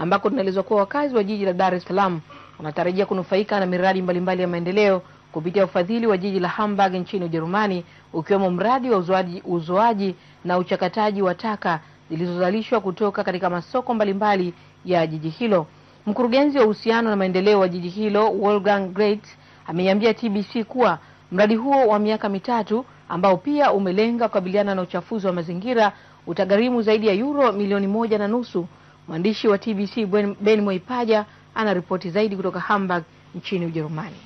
ambako tunaelezwa kuwa wakazi wa jiji la Dar es Salaam wanatarajia kunufaika na miradi mbalimbali mbali ya maendeleo kupitia ufadhili wa jiji la Hamburg nchini Ujerumani, ukiwemo mradi wa uzoaji, uzoaji na uchakataji wa taka zilizozalishwa kutoka katika masoko mbalimbali mbali ya jiji hilo. Mkurugenzi wa uhusiano na maendeleo wa jiji hilo Wolfgang Great ameiambia TBC kuwa mradi huo wa miaka mitatu ambao pia umelenga kukabiliana na uchafuzi wa mazingira utagharimu zaidi ya euro milioni moja na nusu Mwandishi wa TBC Ben Mwaipaja ana ripoti zaidi kutoka Hamburg nchini Ujerumani.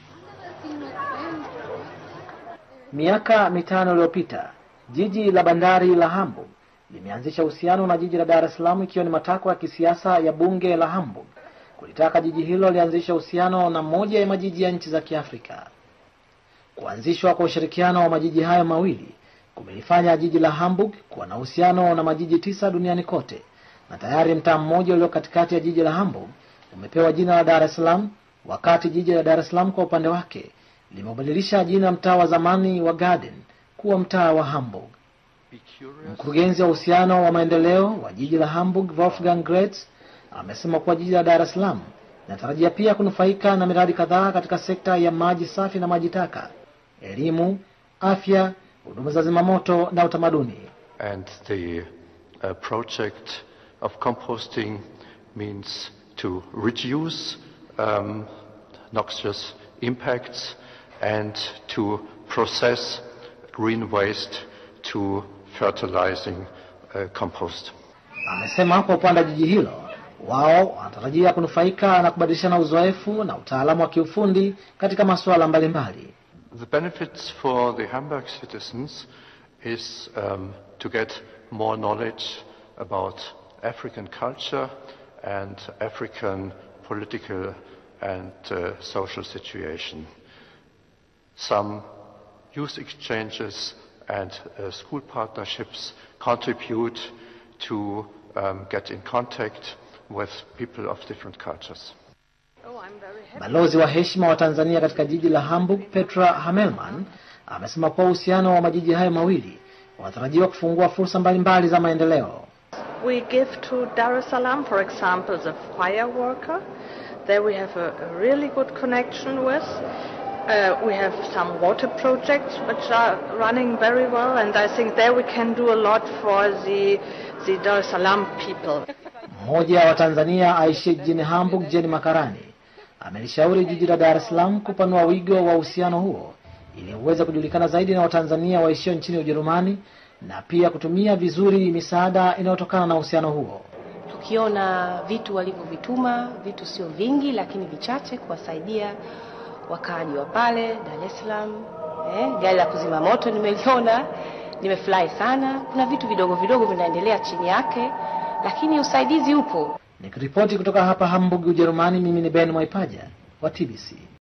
Miaka mitano iliyopita jiji la bandari la Hamburg limeanzisha uhusiano na jiji la Dar es Salaam, ikiwa ni matakwa ya kisiasa ya bunge la Hamburg kulitaka jiji hilo lianzisha uhusiano na moja ya majiji ya nchi za Kiafrika. Kuanzishwa kwa ushirikiano wa majiji hayo mawili kumelifanya jiji la Hamburg kuwa na uhusiano na majiji tisa duniani kote na tayari mtaa mmoja ulio katikati ya jiji la Hamburg umepewa jina la Dar es Salaam, wakati jiji la Dar es Salaam kwa upande wake limebadilisha jina mtaa wa zamani wa Garden kuwa mtaa wa Hamburg. Mkurugenzi wa uhusiano wa maendeleo wa jiji la Hamburg, Wolfgang gret amesema kuwa jiji la Dar es Salaam inatarajia pia kunufaika na miradi kadhaa katika sekta ya maji safi na maji taka, elimu, afya, huduma za zimamoto na utamaduni And the, uh, project of composting means to reduce um, noxious impacts and to process green waste to fertilizing uh, compost. Amesema kwa upande wa jiji hilo wao wanatarajia kunufaika na kubadilishana uzoefu na utaalamu wa kiufundi katika masuala mbalimbali. The benefits for the Hamburg citizens is um, to get more knowledge about African culture and African political and uh, social situation. Some youth exchanges and uh, school partnerships contribute to um, get in contact with people of different cultures. Oh, Balozi wa heshima wa Tanzania katika jiji la Hamburg, Petra Hamelman, amesema kuwa uhusiano wa majiji hayo mawili unatarajiwa kufungua fursa mbalimbali mbali za maendeleo. we give to Dar es Salaam, for example, the fire worker. There we have a, a really good connection with. Uh, we have some water projects which are running very well, and I think there we can do a lot for the, the Dar es Salaam people. Mmoja wa Tanzania aishi jijini Hamburg, Jeni Makarani, amelishauri jiji la Dar es Salaam kupanua wigo wa uhusiano huo ili uweze kujulikana zaidi na Watanzania waishio nchini Ujerumani na pia kutumia vizuri misaada inayotokana na uhusiano huo. Tukiona vitu walivyovituma, vitu sio vingi, lakini vichache, kuwasaidia wakaaji wa pale Dar es Salaam. Eh, gari la kuzima moto nimeliona, nimefurahi sana. Kuna vitu vidogo vidogo vinaendelea chini yake, lakini usaidizi upo. Nikiripoti kutoka hapa Hamburg, Ujerumani, mimi ni Ben Mwaipaja wa TBC.